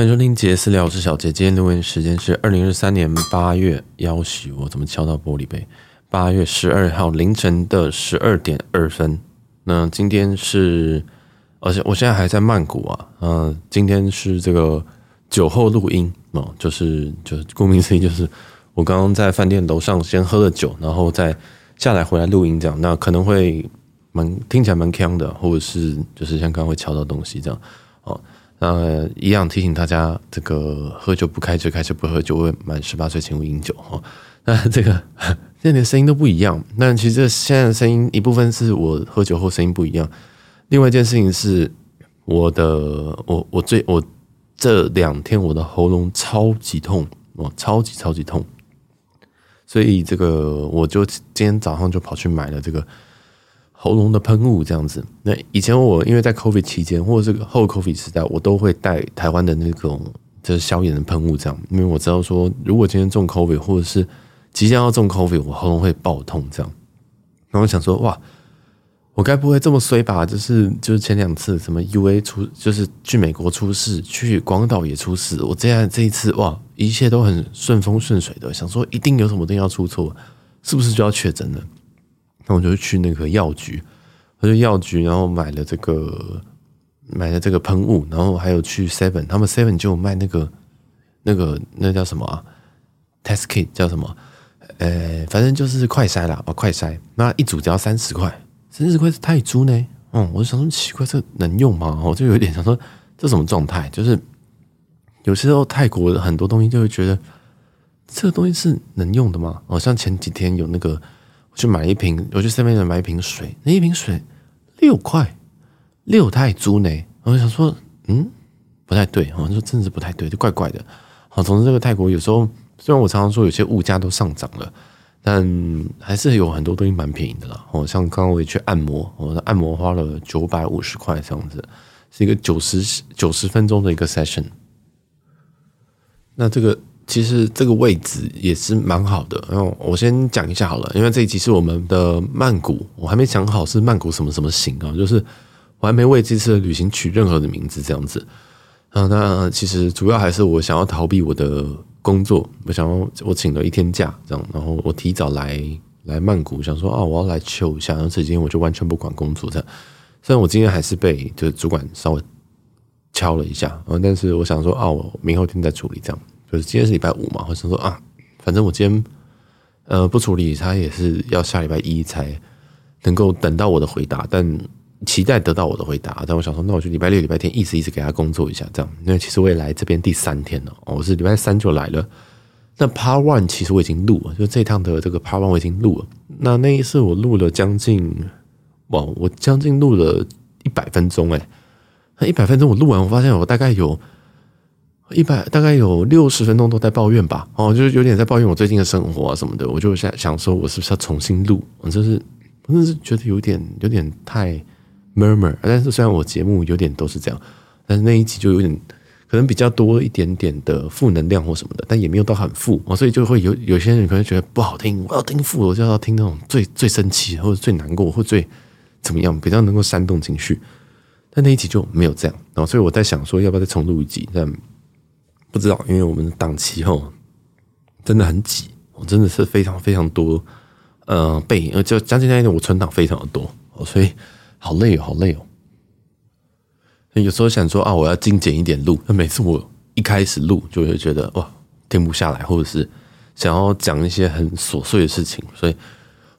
歡迎收聽杰斯聊，我是小杰。今天錄音時間是二零二三年八月幺十，我怎麼敲到玻璃杯？八月十二號凌晨的十二點二分。那今天是，而且我現在還在曼谷啊。嗯、呃，今天是這個酒後錄音啊、呃，就是就是顧名思義，就是我剛剛在飯店樓上先喝了酒，然後再下來回來錄音這樣。那可能會蠻聽起來蠻鏘的，或者是就是像剛剛會敲到東西這樣。呃、嗯，一樣提醒大家，這個喝酒不開車，開車不喝酒。未滿十八歲請勿飲酒哈。那這個現在連聲音都不一樣。那其實現在聲音一部分是我喝酒後聲音不一樣，另外一件事情是我的我我最我這兩天我的喉嚨超級痛，我超級超級痛。所以這個我就今天早上就跑去買了這個。喉嚨的噴霧這樣子，那以前我因為在 COVID 期間或者是後 COVID 時代，我都會帶台灣的那種就是消炎的噴霧，這樣，因為我知道說，如果今天中 COVID 或者是即將要中 COVID，我喉嚨會爆痛，這樣。然後我想說，哇，我該不會這麼衰吧？就是就是前兩次什麼 UA 出，就是去美國出事，去廣島也出事，我這樣這一次哇，一切都很順風順水的，想說一定有什麼東西要出錯，是不是就要確診呢？那我就去那個藥局，我就藥局，然後買了這個，買了這個噴霧，然後還有去 Seven，他們 Seven 就有賣那個，那個那叫什麼啊？Test Kit 叫什麼？呃、欸，反正就是快篩啦，啊、哦，快篩，那一組只要三十塊，三十塊是泰銖呢。嗯，我就想說奇怪，這能用嗎？我就有點想說，這什麼狀態？就是有些時候泰國很多東西就會覺得，這個東西是能用的嗎？哦，像前幾天有那個。我去買一瓶，我去 7-Eleven 買一瓶水，那一瓶水六塊六泰銖呢。我想說，嗯，不太對。我說，真的是不太對，就怪怪的。好，總之這個泰國有時候雖然我常常說有些物價都上漲了，但還是有很多東西蠻便宜的啦。哦，像剛剛我也去按摩，我的按摩花了九百五十塊這樣子，是一個九十九十分鐘的一個 session。那這個。其實這個位置也是蠻好的。然後我先講一下好了，因為這一期是我們的曼谷，我還沒想好是曼谷什麼什麼行啊，就是我還沒為這次旅行取任何的名字這樣子。嗯，那其實主要還是我想要逃避我的工作，我想要我請了一天假這樣，然後我提早來來曼谷，想說哦、啊、我要來休一下，然後所以今天我就完全不管工作這樣。雖然我今天還是被就是主管稍微敲了一下，然後但是我想說哦、啊，我明後天再處理這樣。就是今天是禮拜五嘛，我想說啊，反正我今天呃不處理，他也是要下禮拜一才能夠等到我的回答，但期待得到我的回答。但我想說，那我就禮拜六、禮拜天一直一直給他工作一下，這樣。那其實我也來這邊第三天了，哦、我是禮拜三就來了。那 Part One 其實我已經錄了，就這一趟的這個 Part One 我已經錄了。那那一次我錄了將近哇，我將近錄了一百分鐘哎、欸，那一百分鐘我錄完，我發現我大概有。一百大概有六十分鐘都在抱怨吧，哦，就是有點在抱怨我最近的生活啊什麼的，我就想想說，我是不是要重新錄？我就是，我就是覺得有點有點太 murmur。但是雖然我節目有點都是這樣，但是那一集就有點可能比較多一點點的負能量或什麼的，但也沒有到很負，所以就會有有些人可能覺得不好聽，我要聽負，我就要聽那種最最生氣或者最難過或者最怎麼樣比較能夠煽動情緒，但那一集就沒有這樣，然後所以我在想說要不要再重錄一集？那不知道，因為我們的檔期哦，真的很擠，我真的是非常非常多，呃，背影就將近那一天，我存檔非常的多，所以好累哦，好累哦。所以有時候想說啊，我要精簡一點錄，但每次我一開始錄就會覺得哇，停不下來，或者是想要講一些很瑣碎的事情，所以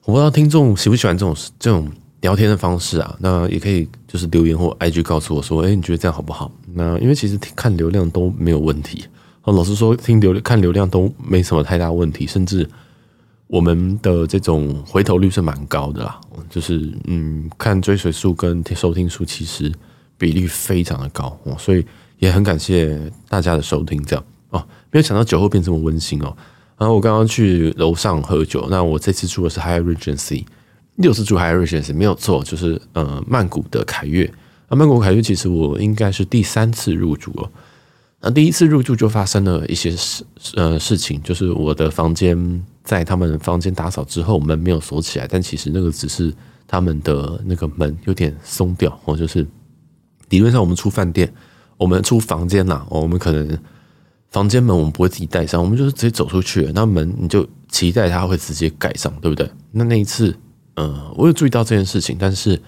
我不知道聽眾喜不喜歡這種這種。聊天的方式啊，那也可以就是留言或 IG 告訴我說，哎、欸，你覺得這樣好不好？那因為其實看流量都沒有問題哦。老實說，聽流看流量都沒什麼太大問題，甚至我們的這種回頭率是蠻高的啦。就是嗯，看追隨數跟收聽數，其實比例非常的高，所以也很感謝大家的收聽，這樣哦。沒有想到酒後變這麼溫馨哦、喔。然後我剛剛去樓上喝酒，那我這次住的是 Hyatt Regency。六十組還是些十？沒有錯，就是呃，曼谷的凱悅。啊，曼谷凱悅其實我應該是第三次入住哦，那、啊、第一次入住就發生了一些事呃事情，就是我的房間在他們房間打掃之後，門沒有鎖起來。但其實那個只是他們的那個門有點鬆掉，或、哦、就是理論上我們出飯店，我們出房間吶、啊哦，我們可能房間門我們不會自己帶上，我們就是直接走出去，那門你就期待它會直接蓋上，對不對？那那一次。嗯，我有注意到這件事情，但是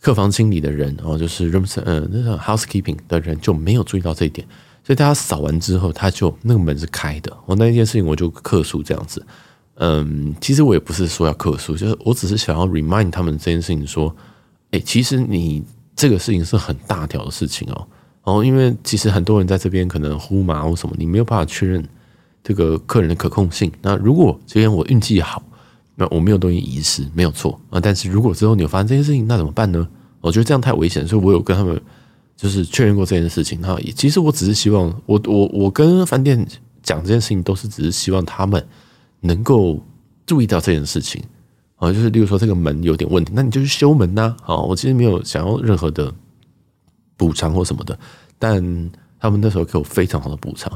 客房經理的人，然、哦、後就是 room、嗯、那個 housekeeping 的人就沒有注意到這一點，所以大家掃完之後，他就那個門是開的。我、哦、那一件事情我就客訴這樣子。嗯，其實我也不是說要客訴，就是我只是想要 remind 他們這件事情，說，哎、欸，其實你這個事情是很大條的事情哦。然、哦、後因為其實很多人在這邊可能呼麻或什麼，你沒有辦法確認這個客人的可控性。那如果這邊我運氣好。那我沒有東西遺失，沒有錯啊。但是如果之後你有發生這件事情，那怎麼辦呢？我覺得這樣太危險，所以我有跟他們就是確認過這件事情。哈，其實我只是希望，我我我跟飯店講這件事情，都是只是希望他們能夠注意到這件事情。啊，就是例如說這個門有點問題，那你就去修門吶。好，我其實沒有想要任何的補償或什麼的，但他們那時候給我非常好的補償。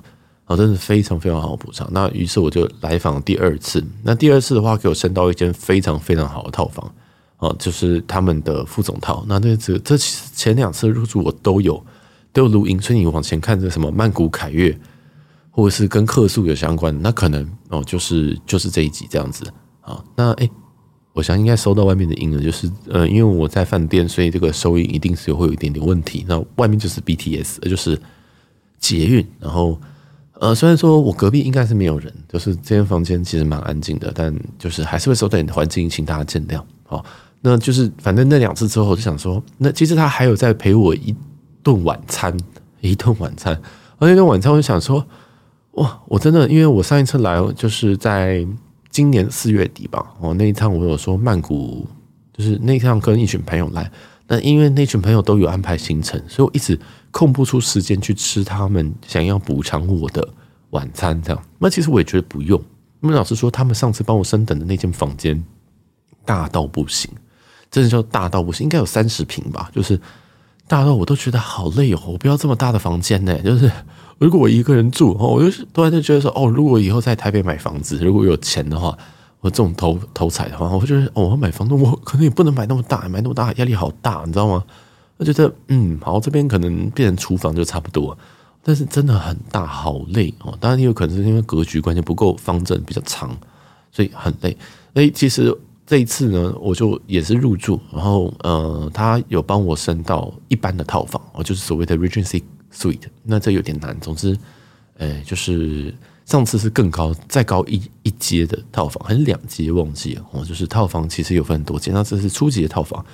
哦、真的非常非常好補償。那於是我就來訪第二次。那第二次的話，給我升到一間非常非常好的套房啊、哦，就是他們的副總套。那那這這其實前兩次入住我都有，都有如迎春。你往前看，這什麼曼谷凱悅，或者是跟客訴有相關，那可能哦，就是就是這一集這樣子啊、哦。那哎、欸，我想應該收到外面的音了，就是呃，因為我在飯店，所以這個收音一定是會有一點點問題。那外面就是 BTS，就是捷運，然後。呃，雖然說我隔壁應該是沒有人，就是這間房間其實蠻安靜的，但就是還是會收到你的環境，請大家見諒。好、哦，那就是反正那兩次之後，我就想說，那其實他還有在陪我一頓晚餐，一頓晚餐，而那頓晚餐，我就想說，哇，我真的，因為我上一次來就是在今年四月底吧、哦，那一趟我有說曼谷，就是那一趟跟一群朋友來，那因為那群朋友都有安排行程，所以我一直。空不出時間去吃他們想要補償我的晚餐，這樣。那其實我也覺得不用。因為老實說，他們上次幫我升等的那間房間大到不行，真的叫大到不行，應該有三十坪吧。就是大到我都覺得好累哦、喔，我不要這麼大的房間呢、欸。就是如果我一個人住，我就突然就覺得說，哦，如果以後在台北買房子，如果有錢的話，我這種頭頭彩的話，我就覺得，哦，我買房子，我可能也不能買那麼大，買那麼大壓力好大，你知道嗎？我覺得嗯，好，這邊可能變成廚房就差不多，但是真的很大，好累哦。當然也有可能是因為格局關係不夠方正，比較長，所以很累。所以其實這一次呢，我就也是入住，然後呃，他有幫我升到一般的套房，哦，就是所謂的 Regency Suite。那這有點難。總之，呃、欸，就是上次是更高，再高一一階的套房，還是兩階忘記哦。就是套房其實有分很多階，那這是初級的套房。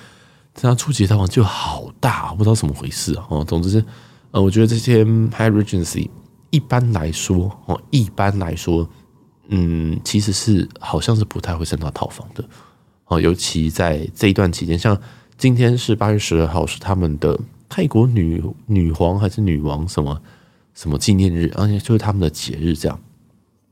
它初級套房就好大，不知道怎麼回事哦、啊。總之是，呃，我覺得這些 Hyatt Regency 一般來說哦，一般來說，嗯，其實是好像是不太會升到套房的、哦、尤其在這一段期間，像今天是八月十二號，是他們的泰國女女皇還是女王什麼什麼紀念日，而且就是他們的節日這樣。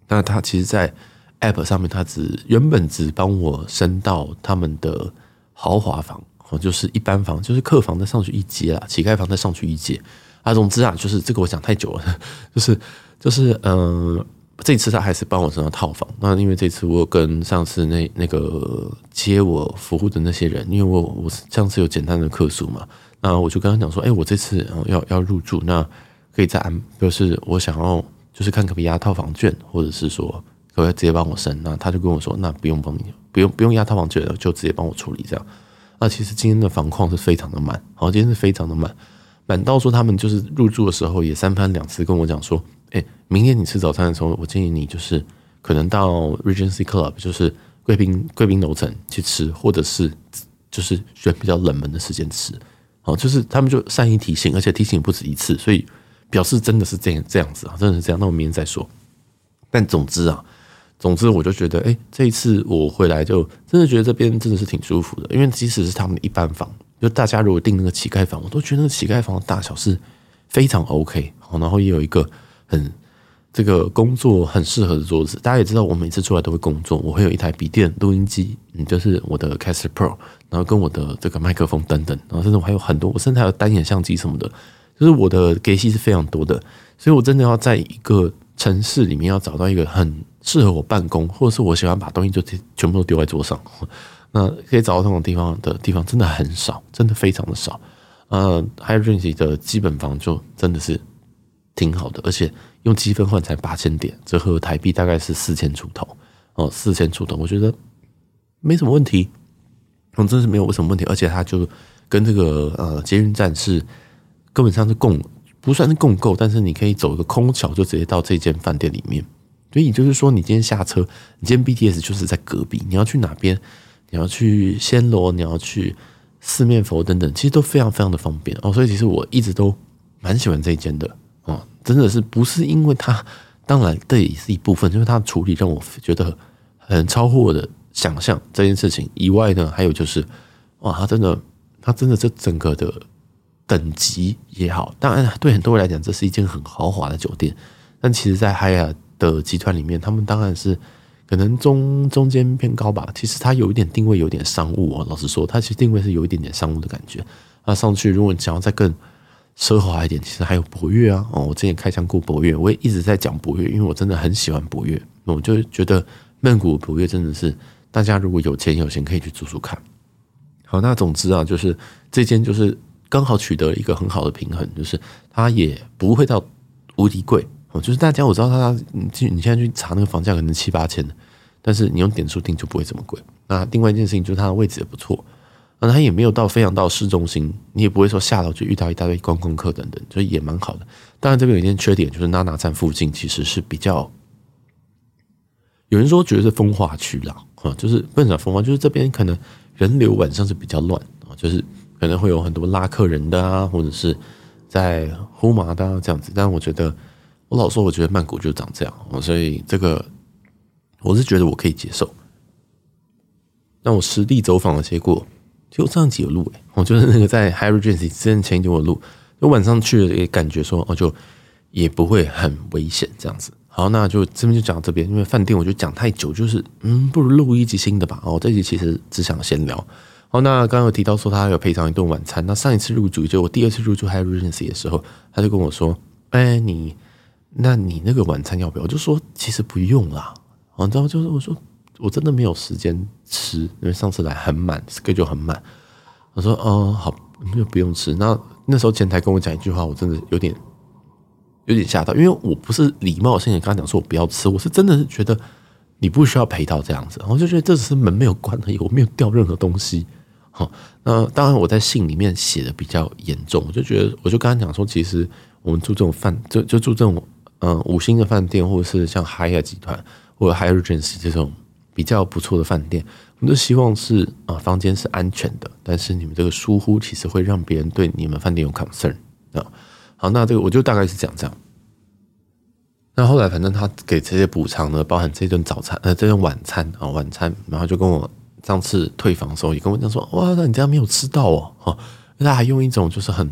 那他其實，在 app 上面，他只原本只幫我升到他們的豪華房。就是一般房，就是客房再上去一階啦，乞丐房再上去一階啊。總之啊，就是這個我講太久了，就是就是嗯、呃，這次他還是幫我升到套房。那因為這次我跟上次那那個接我服務的那些人，因為我我，我上次有簡單的客訴嘛，那我就跟他講說，哎、欸，我這次要要入住，那可以再按，就是我想要就是看可不可以壓套房券，或者是說可不可以直接幫我升？那他就跟我說，那不用幫你，不用不用壓套房券了，就直接幫我處理這樣。那、啊、其實今天的房況是非常的滿，好，今天是非常的滿，滿到說他們就是入住的時候也三番兩次跟我講說，哎、欸，明天你吃早餐的時候，我建議你就是可能到 Regency Club，就是貴賓貴賓樓層去吃，或者是就是選比較冷門的時間吃，好，就是他們就善意提醒，而且提醒不止一次，所以表示真的是這樣這樣子啊，真的是這樣，那我明天再說。但總之啊。總之，我就覺得，哎、欸，這一次我回來，就真的覺得這邊真的是挺舒服的。因為即使是他們的一般房，就大家如果訂那個乞丐房，我都覺得那個乞丐房的大小是非常 OK。好，然後也有一個很這個工作很適合的桌子。大家也知道，我每次出來都會工作，我會有一台筆電、錄音機，嗯，就是我的 Caster Pro，然後跟我的這個麥克風等等，然後甚至我還有很多，我甚至還有單眼相機什麼的，就是我的 Gear 系是非常多的。所以我真的要在一個。城市裡面要找到一個很適合我辦公，或者是我喜歡把東西就全部都丟在桌上，那可以找到這種地方的地方真的很少，真的非常的少。呃，Hyatt Regency 的基本房就真的是挺好的，而且用積分換才八千點，折合台幣大概是四千出頭哦，四千出頭，呃、四千出頭我覺得沒什麼問題，我、嗯、真的是沒有什麼問題，而且它就跟這個呃捷運站是根本上是共。不算是共構，但是你可以走一個空橋，就直接到這間飯店裡面。所以也就是說，你今天下車，你今天 BTS 就是在隔壁。你要去哪邊？你要去暹羅，你要去四面佛等等，其實都非常非常的方便哦。所以其實我一直都蠻喜歡這一間的哦、嗯，真的是不是因為它？當然這也是一部分，就是它的處理讓我覺得很超乎我的想象。這件事情以外呢，還有就是，哇，它真的，它真的這整個的。等級也好，當然對很多人來講，這是一間很豪華的酒店。但其實，在 Hyatt 的集團裡面，他們當然是可能中中間偏高吧。其實它有一點定位，有點商務哦。老實說，它其實定位是有一點點商務的感覺。那、啊、上去，如果你想要再更奢華一點，其實還有柏悅啊。哦，我之前開箱過柏悅，我也一直在講柏悅，因為我真的很喜歡柏悅，我、嗯、就覺得曼谷柏悅真的是，大家如果有錢有錢可以去住住看。好，那總之啊，就是這間就是。剛好取得一個很好的平衡，就是它也不會到無敵貴哦。就是大家我知道它，你你你現在去查那個房價可能七八千的，但是你用點數定就不會這麼貴。那另外一件事情就是它的位置也不錯，那它也沒有到非常到市中心，你也不會說下樓去遇到一大堆觀光客等等，所以也蠻好的。當然這邊有一件缺點就是娜娜站附近其實是比較有人說覺得是風化區啦，啊，就是不少風化，就是這邊可能人流晚上是比較亂啊，就是。可能會有很多拉客人的啊，或者是在呼麻的、啊、這樣子，但我覺得我老說，我覺得曼谷就長這樣，所以這個我是覺得我可以接受。那我實地走訪的結果，就上集有錄、欸，我就是那個在 Hyatt Regency 之前前一天我錄，就晚上去了也感覺說，哦就也不會很危險這樣子。好，那就這邊就講到這邊，因為飯店我就講太久，就是嗯，不如錄一集新的吧。哦，這集其實只想閒聊。好，那剛剛有提到說他有賠償一頓晚餐。那上一次入住就我第二次入住 Hyatt Regency 的時候，他就跟我說：“哎、欸，你那你那個晚餐要不要？”我就說：“其實不用啦。”然後就是我說：“我真的沒有時間吃，因為上次來很滿，這個就很滿。”我說：“哦、呃，好，就不用吃。那”那那時候前台跟我講一句話，我真的有點有點嚇到，因為我不是禮貌性跟他講說我不要吃，我是真的是覺得你不需要賠到這樣子。然後就覺得這只是門沒有關而已，我沒有掉任何東西。好、哦，那當然我在信裡面寫的比較嚴重，我就覺得我就跟他講說，其實我們住這種飯就就住這種嗯、呃、五星的飯店，或者是像 Hyatt 集團或者 Hyatt Regency 這種比較不錯的飯店，我們都希望是啊房間是安全的，但是你們這個疏忽其實會讓別人對你們飯店有 concern 啊。好，那這個我就大概是講這，這樣。那後來反正他給這些補償呢，包含這頓早餐呃這頓晚餐啊、哦、晚餐，然後就跟我。上次退房的時候，也跟我講說：“哇，那你這樣沒有吃到、喔、哦。”哈，那他還用一種就是很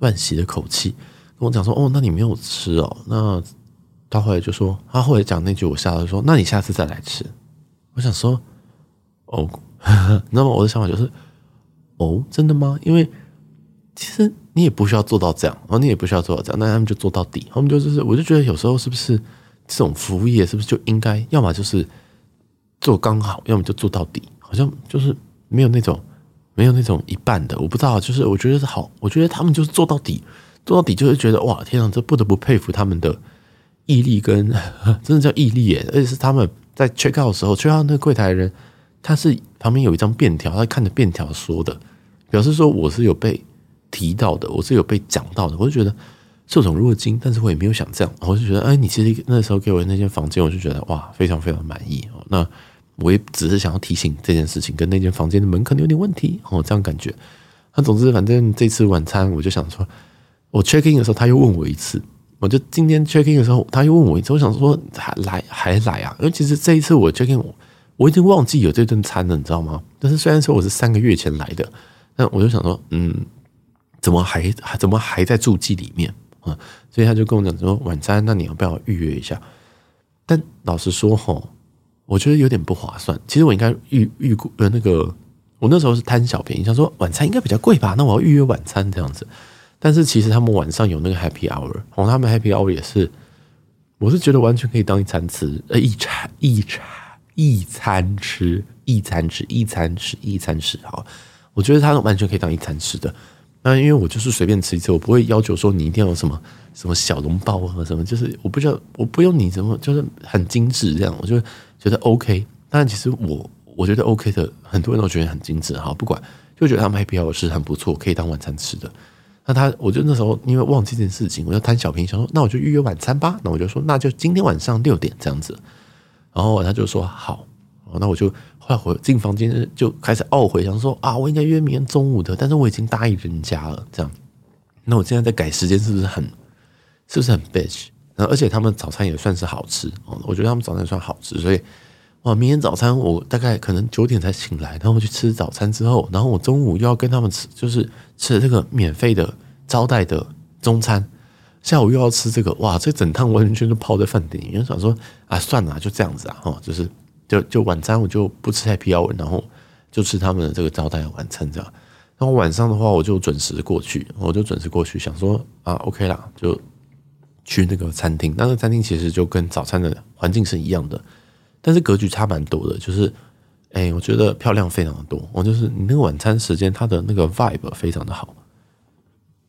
惋惜的口氣跟我講說：“哦，那你沒有吃哦、喔。”那他後來就說，他後來講那句我下了說：“那你下次再來吃。”我想說：“哦。 ”那麼我的想法就是：“哦，真的嗎？”因為其實你也不需要做到這樣，然後你也不需要做到這樣，那他們就做到底，他們就，就是，我就覺得有時候是不是這種服務業是不是就應該要麼就是做剛好，要麼就做到底。好像就是沒有那種，沒有那種一半的，我不知道。就是我覺得是好，我覺得他們就是做到底，做到底就是覺得哇，天啊，這不得不佩服他們的毅力跟，跟真的叫毅力耶！而且是他們在缺 t 的時候，缺 t 那櫃台的人，他是旁邊有一張便條，他看着便條說的，表示說我是有被提到的，我是有被講到的。我就覺得受寵若驚，但是我也沒有想這樣，我就覺得哎、欸，你其實那時候給我那間房間，我就覺得哇，非常非常滿意哦。那。我也只是想要提醒這件事情，跟那間房間的門可能有點問題哦，這樣感覺。那總之，反正這次晚餐，我就想說，我 check in 的時候，他又問我一次。我就今天 check in 的時候，他又問我一次。我想說，還來還來啊？因為其實這一次我 check in，我我已經忘記有這頓餐了，你知道嗎？但是雖然說我是三個月前來的，那我就想說，嗯，怎麼還還怎麼還在註記裡面啊、嗯？所以他就跟我講說，晚餐那你要不要預約一下？但老實說，吼。我覺得有點不划算。其實我應該預預估呃，那個，我那時候是貪小便宜，想說晚餐應該比較貴吧，那我要預約晚餐這樣子。但是其實他們晚上有那個 Happy Hour，然後他們 Happy Hour 也是，我是覺得完全可以當一餐吃，呃，一餐一餐一餐吃一餐吃一餐吃一餐吃哈。我覺得他們完全可以當一餐吃的。那因為我就是隨便吃一次，我不會要求說你一定要什麼什麼小籠包啊什麼，就是我不知道我不用你什麼，就是很精緻這樣，我就覺得 OK，但其實我我覺得 OK 的很多人都覺得很精緻哈，不管就覺得他們擺盤的是很不錯，可以當晚餐吃的。那他，我就那時候因為忘記這件事情，我就貪小便宜想說，那我就預約晚餐吧。那我就說，那就今天晚上六點這樣子。然後他就說好，那我就快回進房間就開始懊悔，哦、想說啊，我應該約明天中午的，但是我已經答應人家了，這樣。那我現在在改時間是不是很是不是很 bitch？然後，而且他們早餐也算是好吃，我覺得他們早餐也算好吃，所以哇，明天早餐我大概可能九點才醒來，然後我去吃早餐之後，然後我中午又要跟他們吃，就是吃這個免費的招待的中餐，下午又要吃這個，哇，這整趟完全就泡在飯店裡面，想說啊，算了，就這樣子啊，哦，就是就就晚餐我就不吃太 Prep，然後就吃他們的這個招待的晚餐，這樣。然後晚上的話，我就準時過去，我就準時過去，想說啊，OK 啦，就。去那個餐廳，那，那個餐廳其實就跟早餐的環境是一樣的，但是格局差蠻多的。就是，欸，我覺得漂亮非常的多。我就是，你那個晚餐時間，它的那個 vibe 非常的好。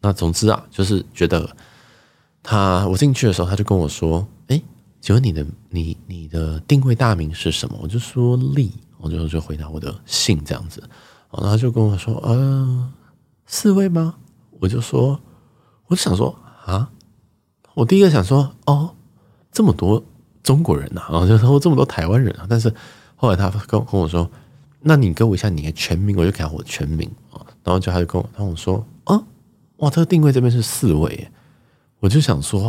那總之啊，就是覺得他我進去的時候，他就跟我說：“欸，請問你的你你的訂位大名是什麼？”我就說“利”，我就就回答我的姓這樣子。然後他就跟我說：“呃，四位嗎？”我就說：“我就想說啊。”我第一個想說，哦，這麼多中國人吶、啊，然、哦、後就說這麼多台灣人啊。但是後來他跟跟我說，那你給我一下你的全名，我就改我的全名、哦、然後就他就跟我，他跟我說，啊、哦，哇，這個定位這邊是四位，我就想說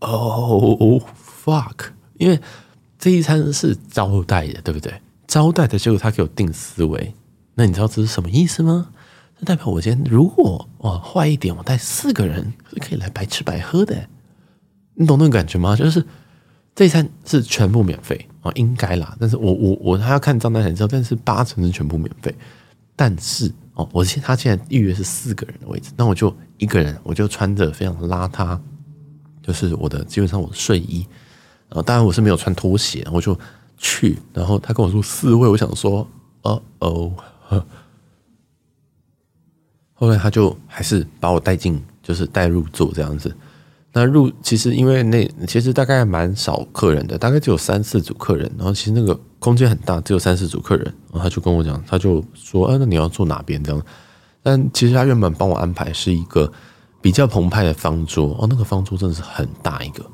哦，哦、oh, fuck！因為這一餐是招待的，對不對？招待的結果他給我定四位，那你知道這是什麼意思嗎？那代表我今天如果壞一點，我帶四個人可以來白吃白喝的。你懂那種感覺嗎？就是這一餐是全部免費啊，應該啦。但是我我我還要看賬單才知道，但是八成是全部免費。但是哦，我現他現在預約是四個人的位置，那我就一個人，我就穿着非常邋遢，就是我的基本上我的睡衣，然後當然我是沒有穿拖鞋，然後我就去。然後他跟我說四位，我想說哦哦呵。後來他就還是把我帶進，就是帶入座這樣子。那入其實因為那其實大概蠻少客人的，大概只有三四組客人。然後其實那個空間很大，只有三四組客人。然後他就跟我講，他就說：“啊，那你要坐哪邊？”這樣。但其實他原本幫我安排是一個比較澎湃的方桌哦，那個方桌真的是很大一個。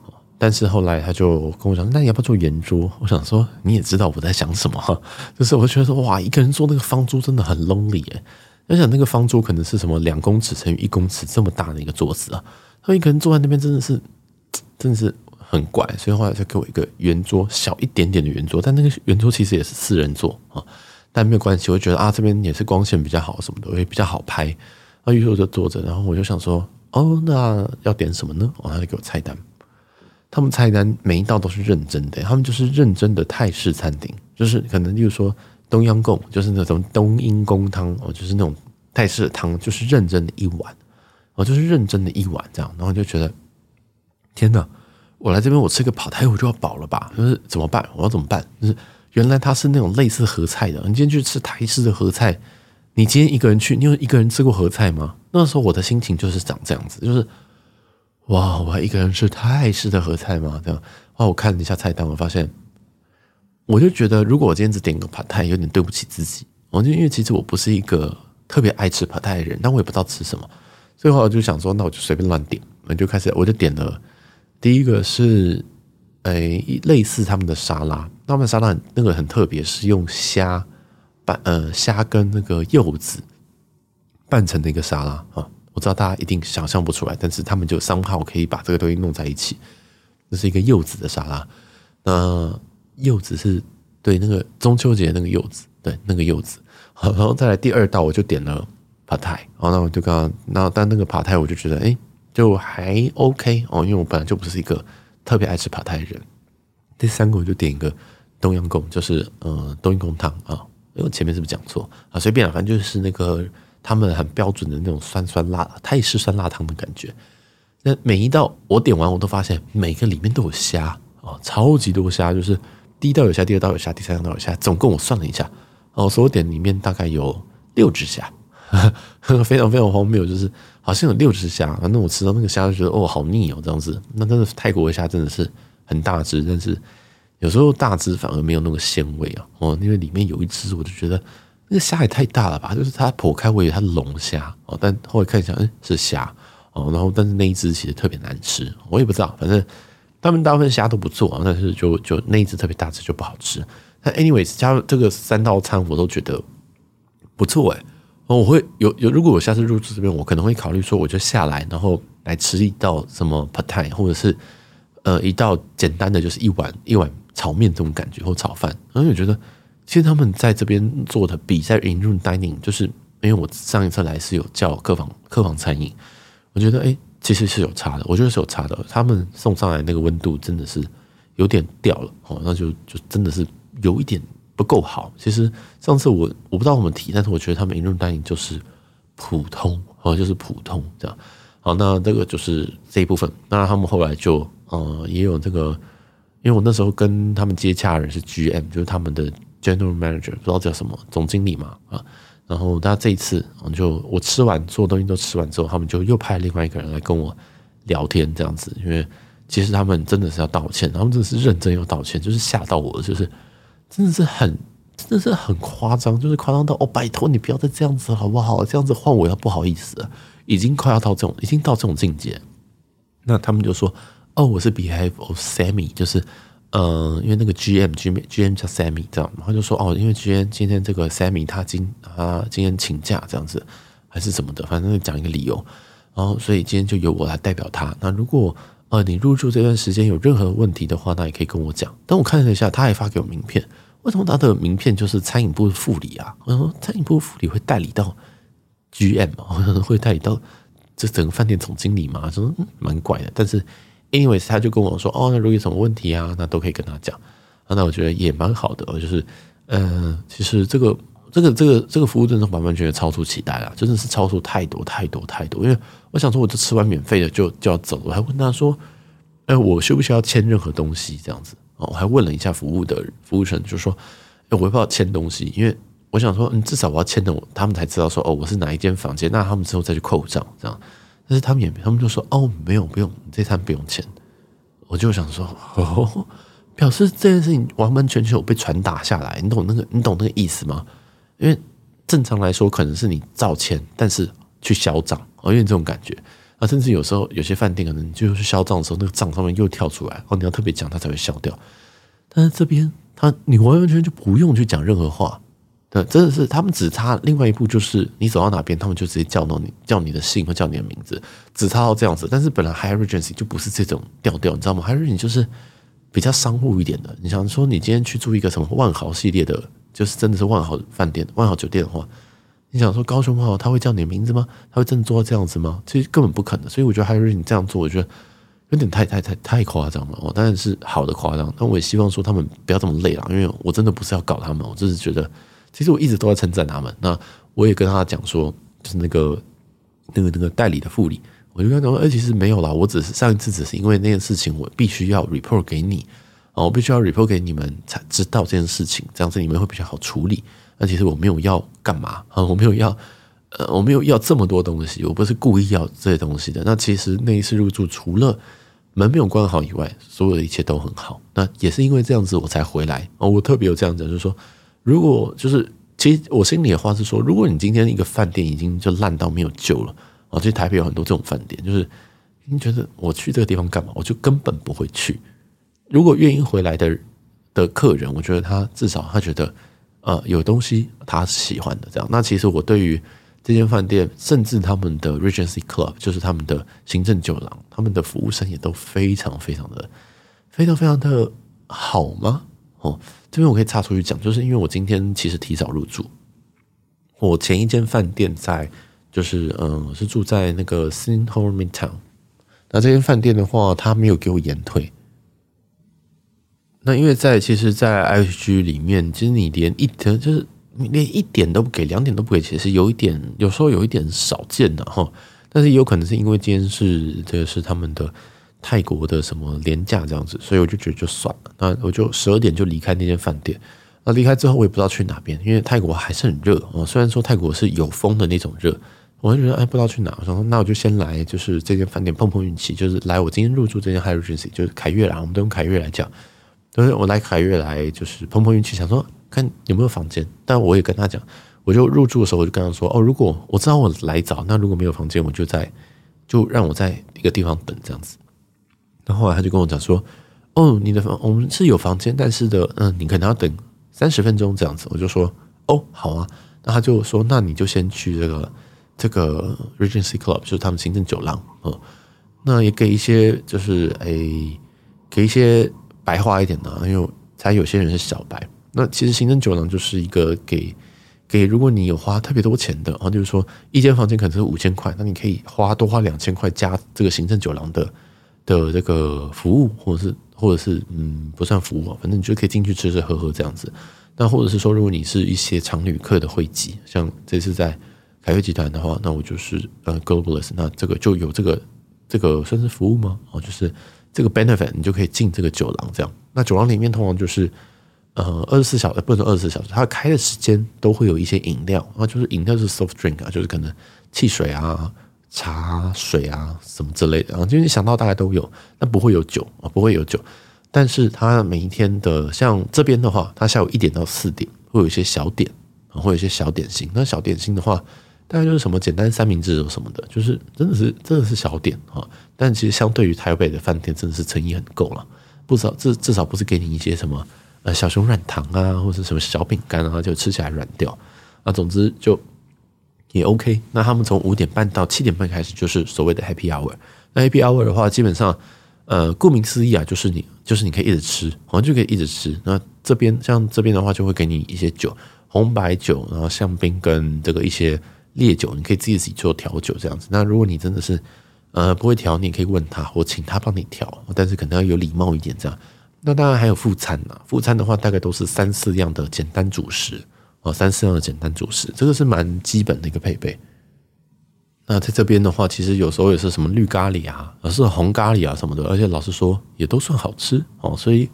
但是後來他就跟我講：“那你要不要坐圓桌？”我想說，你也知道我在想什麼，就是我覺得說哇，一個人坐那個方桌真的很 lonely 欸。我想那個方桌可能是什麼兩公尺乘以一公尺這麼大的一個桌子啊？他們可能坐在那邊真的是，真的是很怪。所以後來就給我一個圓桌，小一點點的圓桌。但那個圓桌其實也是四人座啊，但沒有關係。我覺得啊，這邊也是光線比較好，什麼的我也比較好拍。然後於是我就坐着，然後我就想說，哦，那要點什麼呢？我他就給我菜單。他們菜單每一道都是認真的、欸，他們就是認真的泰式餐廳，就是可能就是說。冬陰功就是那種冬陰功湯，哦，就是那種泰式的湯，就是認真的一碗，哦，就是認真的一碗，這樣，然後就覺得，天哪，我來這邊我吃個跑台，我就要飽了吧？就是怎麼辦？我要怎麼辦？就是原來他是那種類似合菜的，你今天去吃泰式的合菜，你今天一個人去，你有一個人吃過合菜嗎？那時候我的心情就是長這樣子，就是，哇，我還一個人吃泰式的合菜嗎？這樣，哇，我看了一下菜單，我發現。我就覺得，如果我今天只點個 Pad Thai 有點對不起自己。我就因為其實我不是一個特別愛吃 Pad Thai 的人，但我也不知道吃什麼，最後我就想說，那我就隨便亂點。我就開始，我就點了第一個是，呃，類似他們的沙拉。他們沙拉那個很特別，是用蝦拌，呃，蝦跟那個柚子拌成的一個沙拉啊。我知道大家一定想象不出來，但是他們就三號可以把這個東西弄在一起。這是一個柚子的沙拉，那。柚子是對，那個中秋節那個柚子，對，那個柚子，然後再來第二道我就點了帕泰，哦，那我就剛剛那，但那個帕泰我就覺得哎、欸，就還 OK 哦，因為我本來就不是一個特別愛吃帕泰的人。第三個我就點一個冬陰功，就是嗯冬陰功湯啊，因為我前面是不是講錯啊？隨便、啊、反正就是那個他們很標準的那種酸酸辣，泰式酸辣湯的感覺。那每一道我點完我都發現每個裡面都有蝦啊，哦，超級多蝦，就是。第一道有蝦，第二道有蝦，第三道有蝦，總共我算了一下，哦，所有點裡面大概有六隻蝦，非常非常荒謬，就是好像有六隻蝦。反正我吃到那個蝦就覺得哦，好膩哦，這樣子。那真的泰國的蝦真的是很大隻，但是有時候大隻反而沒有那個鮮味啊，哦，因為裡面有一隻，我就覺得那個蝦也太大了吧，就是它剖開我以為它龍蝦哦，但後來看一下，哎，嗯，是蝦哦。然後但是那一隻其實特別難吃，我也不知道，反正。他們大部分蝦都不錯、啊，但是就就那一隻特別大隻就不好吃。But、anyways，他這個三道餐我都覺得不錯哎、欸。我會有有，如果我下次入住這邊，我可能會考慮說，我就下來然後來吃一道什麼 Pad Thai，或者是呃一道簡單的，就是一碗一碗炒麵這種感覺或炒飯。然後我覺得，其實他們在這邊做的比在 in room dining，就是因為我上一次來是有叫客房客房餐飲，我覺得哎、欸。其實是有差的，我覺得是有差的。他們送上來那個溫度真的是有點掉了哦，那就就真的是有一點不夠好。其實上次我我不知道我們提，但是我覺得他們 in-room dining 就是普通，哦，就是普通這樣。好，那這個就是這一部分。那他們後來就嗯、呃、也有這個，因為我那時候跟他們接洽的人是 GM，就是他們的 General Manager，不知道叫什麼總經理嘛啊。然後，他這一次，我就我吃完所有東西都吃完之後，他們就又派另外一個人來跟我聊天這樣子。因為其實他們真的是要道歉，他們真的是認真要道歉，就是嚇到我，就是真的是很真的是很誇張，就是誇張到哦，拜托你不要再這樣子了，好不好？這樣子換我，要不好意思，已經快要到這種，已經到這種境界。那他們就說：“哦，我是 B F O Sammy，就是。”嗯、呃，因為那個 GM，GM，GM GM, GM 叫 Sammy，這樣，然後就說哦，因為今天今天這個 Sammy 他今他今天請假這樣子，還是什麼的，反正就講一個理由，然後所以今天就由我來代表他。那如果呃你入住這段時間有任何問題的話，那也可以跟我講。但我看了一下，他還發給我名片，為什麼他的名片就是餐飲部的副理啊？我說餐飲部副理會代理到 GM 嗎？會代理到這整個飯店總經理嗎？就說蠻、嗯、怪的，但是。Anyways，他就跟我說：“哦，那如果有什麼問題啊，那都可以跟他講。”那我覺得也蠻好的，就是嗯、呃，其實這個這個這個這個服務真的是完完全全超出期待了，真的是超出太多太多太多。因為我想說，我就吃完免費的就就要走了，我還問他說：“哎、呃，我需不需要簽任何東西？”這樣子，哦、我還問了一下服務的服務生，就說：“呃、我也不知道簽東西，因為我想說，嗯，至少我要簽的，他們才知道說哦，我是哪一間房間，那他們之後再去扣賬這樣。”但是他們也，他們就說哦，沒有不用，這餐不用錢。我就想說哦，表示這件事情完完全全有被傳達下來，你懂那個，你懂那個意思嗎？因為正常來說，可能是你照簽，但是去銷賬哦，有點這種感覺啊。甚至有時候有些飯店可能就是銷賬的時候，那個賬上面又跳出來哦，然後你要特別講他才會銷掉。但是這邊他，你完完全全就不用去講任何話。對，真的是他們只差另外一步，就是你走到哪邊，他們就直接叫到你，叫你的姓或叫你的名字，只差到這樣子。但是本來 Hyatt Regency 就不是這種調調，你知道嗎？Hyatt Regency 就是比較商務一點的。你想說，你今天去住一個什麼萬豪系列的，就是真的是萬豪飯店、萬豪酒店的話，你想說高雄萬豪他會叫你的名字嗎？他會真的做到這樣子嗎？其實根本不可能。所以我覺得 Hyatt Regency 這樣做，我覺得有點太太太太誇張了。哦，當然是好的誇張，但我也希望說他們不要這麼累了，因為我真的不是要搞他們，我只是覺得。其實我一直都在稱讚他們。那我也跟他講說，就是那個、那個、那個代理的副理，我就跟他講說：“哎、欸，其實沒有啦，我只是上一次只是因為那件事情我、哦，我必須要 report 給你，我必須要 report 給你們才知道這件事情，這樣子你們會比較好處理。那其實我沒有要幹嘛啊、嗯，我沒有要呃，我沒有要這麼多東西，我不是故意要這些東西的。那其實那一次入住，除了門沒有關好以外，所有的一切都很好。那也是因為這樣子，我才回來、哦、我特別有這樣子，就是說。”如果就是，其實我心裡的話是說，如果你今天一個飯店已經就爛到沒有救了，哦，其實台北有很多這種飯店，就是你覺得我去這個地方幹嘛？我就根本不會去。如果願意回來的的客人，我覺得他至少他覺得，呃，有東西他是喜歡的這樣。那其實我對於這間飯店，甚至他們的 Regency Club，就是他們的行政酒廊，他們的服務生也都非常非常的、非常非常的好嗎？哦。這邊我可以岔出去講，就是因為我今天其實提早入住，我前一間飯店在就是嗯是住在那個 Sindhorn Midtown，那這間飯店的話，他沒有給我延退。那因為在其實，在 IHG 裡面，其實你連一點就是你連一點都不給，兩點都不給，其實有一點有時候有一點少見的、啊、哈，但是也有可能是因為今天是這個是他們的。泰國的什麼廉價這樣子，所以我就覺得就算了。那我就十二點就離開那間飯店。那離開之後，我也不知道去哪邊，因為泰國還是很熱，哦，雖然說泰國是有風的那種熱，我就覺得哎，不知道去哪，我想說那我就先來，就是這間飯店碰碰運氣，就是來我今天入住這間 Hyatt Regency，就是凱悅啦，我們都用凱悅來講，就是我來凱悅來就是碰碰運氣，想說看有沒有房間。但我也跟他講，我就入住的時候我就跟他說哦，如果我知道我來早，那如果沒有房間，我就在就讓我在一個地方等這樣子。然後後來他就跟我講說：“哦，你的房我們、哦、是有房間，但是的，嗯、呃，你可能要等三十分鐘這樣子。”我就說：“哦，好啊。”那他就說：“那你就先去這個這個 Regency Club，就是他們行政酒廊啊。呃”那也給一些就是哎、欸，給一些白話一點的、啊，因為才有些人是小白。那其實行政酒廊就是一個給給，如果你有花特別多錢的，然、哦、後就是說一間房間可能是五千塊，那你可以花多花兩千塊加這個行政酒廊的。的這個服務，或者是，或者是，嗯，不算服務啊，反正你就可以進去吃吃喝喝這樣子。那或者是說，如果你是一些常旅客的會籍，像這次在凱悅集團的話，那我就是呃 Globalist 那這個就有這個這個算是服務嗎？哦，就是這個 benefit，你就可以進這個酒廊這樣。那酒廊裡面通常就是呃，二十四小，時，不能說二十四小時，它開的時間都會有一些飲料啊，就是飲料是 soft drink 啊，就是可能汽水啊。茶水啊，什麼之類的啊，就你想到大概都有，但不會有酒啊，不會有酒。但是他每一天的，像這邊的話，他下午一點到四點會有一些小點，啊，會有一些小點心。那小點心的話，大概就是什麼簡單三明治什麼的，就是真的是真的是小點啊。但其實相對於台北的飯店，真的是誠意很夠了。不少至至少不是給你一些什麼呃小熊軟糖啊，或者什麼小餅乾啊，就吃起來軟掉啊。總之就。也 OK，那他們從五點半到七點半開始，就是所謂的 Happy Hour。那 Happy Hour 的話，基本上，呃，顧名思義啊，就是你，就是你可以一直吃，好像就可以一直吃。那這邊像這邊的話，就會給你一些酒，紅白酒，然後香檳跟這個一些烈酒，你可以自己自己做調酒這樣子。那如果你真的是呃不會調，你也可以問他，我請他幫你調，但是可能要有禮貌一點這樣。那當然還有副餐啊，副餐的話大概都是三四樣的簡單主食。哦，三四樣的簡單主食，這個是蠻基本的一個配備。那在這邊的話，其實有時候也是什麼綠咖喱啊，而是紅咖喱啊什麼的，而且老實說也都算好吃哦。所以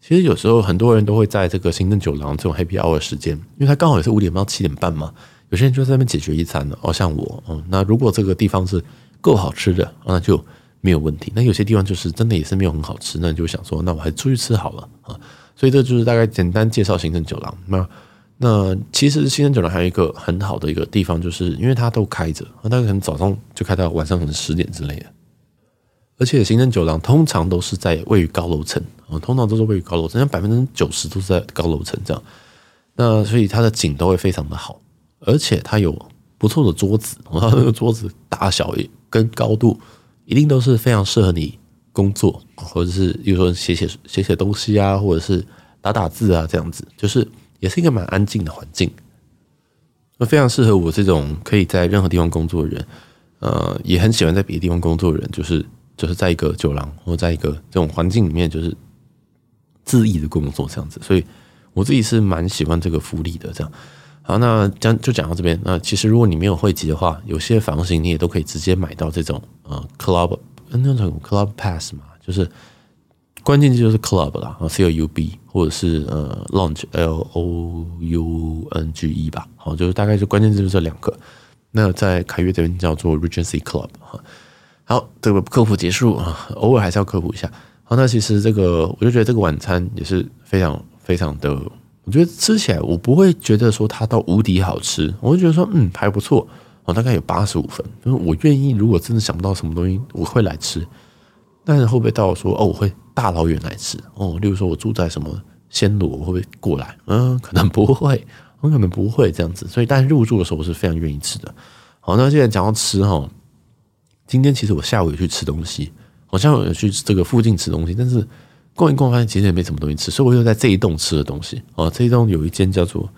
其實有時候很多人都會在這個行政酒廊這種 happy hour 時間，因為它剛好也是五點半到七點半嘛。有些人就在那邊解決一餐了哦。像我哦，那如果這個地方是夠好吃的，那就沒有問題。那有些地方就是真的也是沒有很好吃，那你就想說那我還是出去吃好了啊。所以這就是大概簡單介紹行政酒廊那。那其實行政酒廊還有一個很好的一個地方，就是因為它都開着，它可能早上就開到晚上可能十點之類的。而且行政酒廊通常都是在位於高樓層，通常都是位於高樓層，像百分之九十都是在高樓層這樣。那所以它的景都會非常的好，而且它有不錯的桌子，它的那個桌子大小跟高度一定都是非常適合你工作，或者是比如說寫寫寫寫東西啊，或者是打打字啊這樣子，就是。也是一個蠻安靜的環境，那非常適合我這種可以在任何地方工作的人，呃，也很喜歡在別的地方工作的人，就是就是在一個酒廊或在一個這種環境裡面，就是恣意的工作這樣子。所以我自己是蠻喜歡這個福利的。這樣，好，那講就講到這邊。那其實如果你沒有會籍的話，有些房型你也都可以直接買到這種呃 club 那種 club pass 嘛，就是。關鍵就是 club 啦，啊 c l u b 或者是呃 launch l o u n g e 吧，好，就是大概是關鍵字就是這兩個。那在凱悅這邊叫做 Regency Club 哈。好，這個科普結束啊，偶爾還是要科普一下。好，那其實這個我就覺得這個晚餐也是非常非常的，我覺得吃起來我不會覺得說它到無敵好吃，我就覺得說嗯還不錯，我大概有八十五分，就是我願意如果真的想不到什麼東西，我會來吃。但是會不會到說哦，我會大老遠來吃哦？例如說，我住在什麼暹羅，我會不會過來？嗯，可能不會，我可能不會這樣子。所以，但是入住的時候，我是非常願意吃的。好，那現在講到吃哈，今天其實我下午有去吃東西，好像有去這個附近吃東西，但是逛一逛發現其實也沒什麼東西吃，所以我又在這一棟吃的東西。哦，這一棟有一間叫做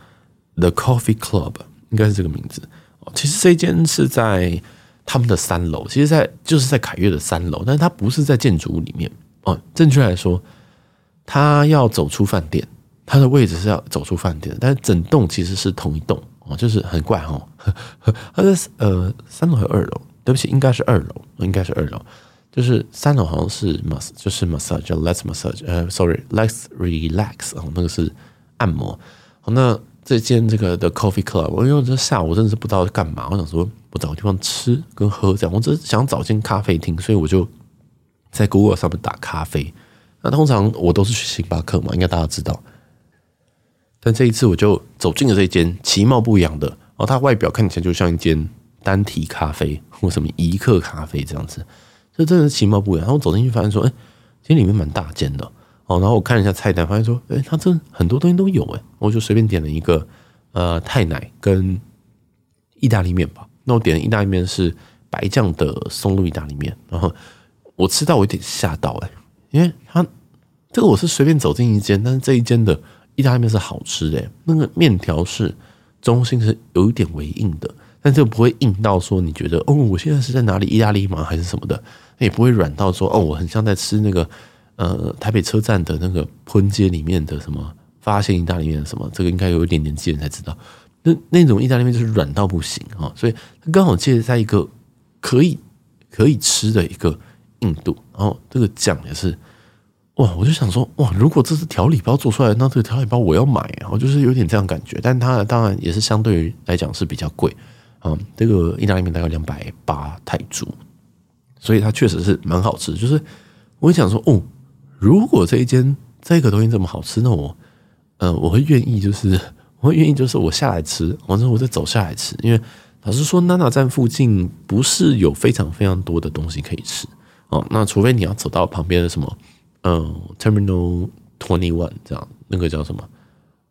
The Coffee Club，應該是這個名字。哦，其實這一間是在。他們的三樓，其實在就是在凱悅的三樓，但是他不是在建築物裡面哦。正確來說，他要走出飯店，他的位置是要走出飯店，但是整棟其實是同一棟哦，就是很怪哈。他是呃三樓和二樓，對不起，應該是二樓，應該是二樓，就是三樓好像是 mas 就是 massage 叫 let's massage，呃，sorry，let's relax 哦，那個是按摩。好，那。這間這個的 coffee club，我因為在下午我真的是不知道幹嘛，我想說我找個地方吃跟喝這樣，我只想找一間咖啡廳，所以我就在 Google 上面打咖啡。那通常我都是去星巴克嘛，應該大家都知道。但這一次我就走進了這間其貌不揚的，然後它外表看起來就像一間單體咖啡或什麼一刻咖啡這樣子，這真的是其貌不揚。然後我走進去發現說，哎，其實裡面蠻大間的。哦，然後我看了一下菜單，發現說，哎，他這很多東西都有哎、欸，我就隨便點了一個，呃，泰奶跟意大利麵吧。那我點的意大利麵是白醬的松露意大利麵，然後我吃到我有點嚇到哎、欸，因為他這個我是隨便走進一間，但是這一間的意大利麵是好吃的哎、欸，那個麵條是中心是有一點微硬的，但這不會硬到說你覺得，哦，我現在是在哪裡意大利嗎？還是什麼的？也不會軟到說，哦，我很像在吃那個。呃，台北車站的那個噴街裡面的什麼發現意大利麵什麼，這個應該有一點年紀人才知道。那那種意大利麵就是軟到不行啊、哦，所以它剛好借在一個可以可以吃的一個硬度。然後這個醬也是，哇，我就想說，哇，如果這是調理包做出來，那這個調理包我要買。我就是有點這樣感覺。但它當然也是相對於來講是比較貴啊、嗯，這個意大利麵大概兩百八泰銖，所以它確實是蠻好吃。就是我一想說，哦。如果這一間這個東西這麼好吃，那我，呃，我會願意，就是我會願意，就是我下來吃完，之後我再走下來吃。因為老實說，娜娜站附近不是有非常非常多的東西可以吃哦。那除非你要走到旁邊的什麼，呃，Terminal Twenty One 這樣，那個叫什麼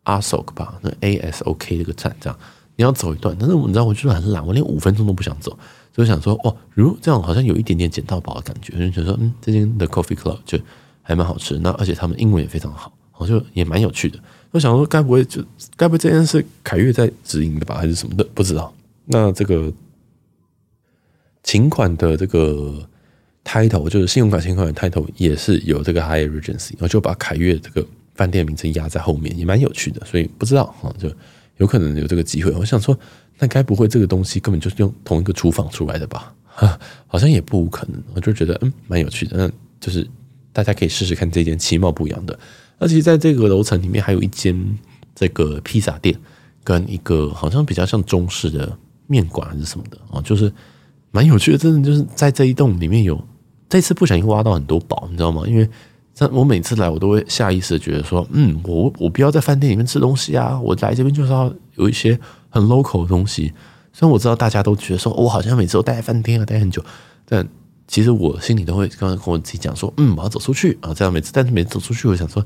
，Asok 吧，那 A S O K 這個站這樣，你要走一段。但是你知道，我就是很懶，我連五分鐘都不想走，就想說，哦，如果這樣好像有一點點撿到寶的感覺，就想說，嗯，這間 The Coffee Club 就。還蠻好吃，那而且他們英文也非常好，我就也蠻有趣的。我想說，該不會就該不會這件事凱悅在指引的吧，還是什麼的？不知道。那這個請款的這個 title，就是信用卡請款的 title，也是有這個 high urgency，我就把凱悅這個飯店名稱壓在後面，也蠻有趣的。所以不知道啊，就有可能有這個機會。我想說，那該不會這個東西根本就是用同一個廚房出來的吧？好像也不無可能。我就覺得嗯，蠻有趣的，那就是。大家可以試試看這間其貌不揚的，而且在這個樓層裡面還有一間這個披薩店，跟一個好像比較像中式的麵館還是什麼的哦，就是蠻有趣的。真的就是在這一棟裡面有，這次不小心挖到很多寶，你知道嗎？因為在我每次來，我都會下意識覺得說，嗯，我我不要在飯店裡面吃東西啊，我來這邊就是要有一些很 local 的東西。雖然我知道大家都覺得說我好像每次都待在飯店啊，待很久，但。其實我心裡都會剛剛跟我自己講說，嗯，我要走出去啊，這樣每次，但是每次走出去，我想說，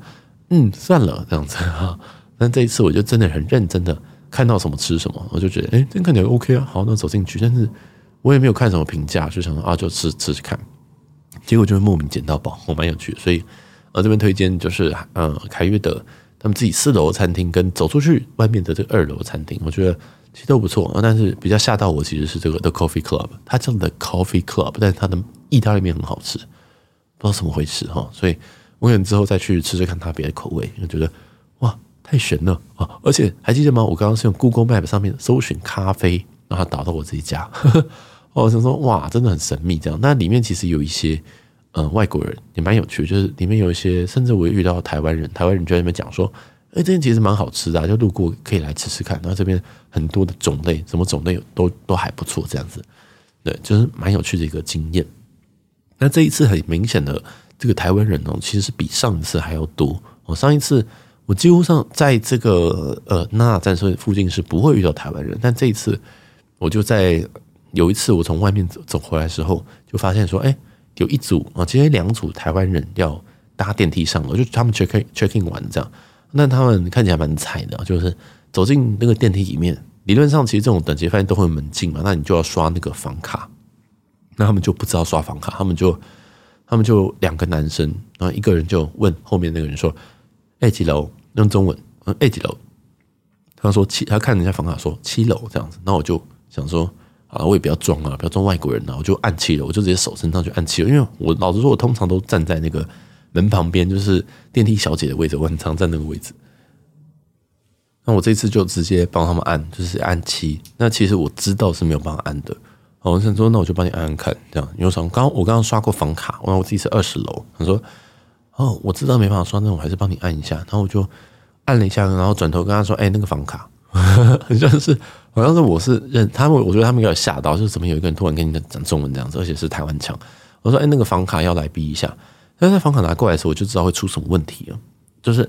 嗯，算了這樣子啊。但這一次我就真的很認真的，看到什麼吃什麼，我就覺得，哎，這看起來 OK 啊，好，那走進去。但是我也沒有看什麼評價，就想說啊，就吃吃看。結果就會莫名撿到寶，我蠻有趣的。所以，呃，我這邊推薦就是，嗯，凱悅的。他們自己四樓餐廳跟走出去外面的這個二樓餐廳，我覺得其實都不錯啊。但是比較嚇到我其實是這個 The Coffee Club，它叫 The Coffee Club，但是它的意大利麵很好吃，不知道怎麼回事哈。所以我可能之後再去吃吃看它別的口味，因為覺得哇太玄了啊！而且還記得嗎？我剛剛是用 Google Map 上面搜尋咖啡，然後導到我自己家。呵呵，我想說哇，真的很神秘這樣。那裡面其實有一些。呃，外國人也蠻有趣，就是裡面有一些，甚至我遇到台灣人，台灣人就在那邊講說：“哎、欸，這邊其實蠻好吃的，啊，就路過可以來吃吃看。”那這邊很多的種類，什麼種類都都還不錯，這樣子，對，就是蠻有趣的一個經驗。那這一次很明顯的，這個台灣人哦，其實是比上一次還要多。我，哦、上一次我幾乎上在這個呃，那那站附近是不會遇到台灣人，但這一次我就在有一次我從外面走走回來的時候，就發現說：“哎、欸。”有一組啊，其實兩組台灣人要搭電梯上樓，就他們 check in, check in 完這樣，那他們看起來蠻慘的，就是走進那個電梯裡面，理論上其實這種等級飯店都會門禁嘛，那你就要刷那個房卡，那他們就不知道刷房卡，他們就他們就兩個男生，然後一個人就問後面那個人說：“欸、幾樓？”用中文，嗯、欸，“幾樓？”他說七，他看了一下房卡說七樓這樣子，那我就想說。啊，我也不要裝啊，不要裝外國人啊！我就按七了，我就直接手伸上去按七了。因為我老實說，我通常都站在那個門旁邊，就是電梯小姐的位置，我很常站那個位置。那我這次就直接幫他們按，就是按七。那其實我知道是沒有辦法按的。我想說：“那我就幫你按按看，這樣。”因為我想，剛我剛剛刷過房卡，然後我自己是二十樓。他說：“哦，我知道沒辦法刷，那我還是幫你按一下。”然後我就按了一下，然後轉頭跟他說：“哎、欸，那個房卡。”好像 是，好像是我是認，他們，我覺得他們有點嚇到，就是怎麼有一個人突然跟你講中文這樣子，而且是台灣腔。我說：“哎，那個房卡要來逼一下。”但是在房卡拿過來的時候，我就知道會出什麼問題了。就是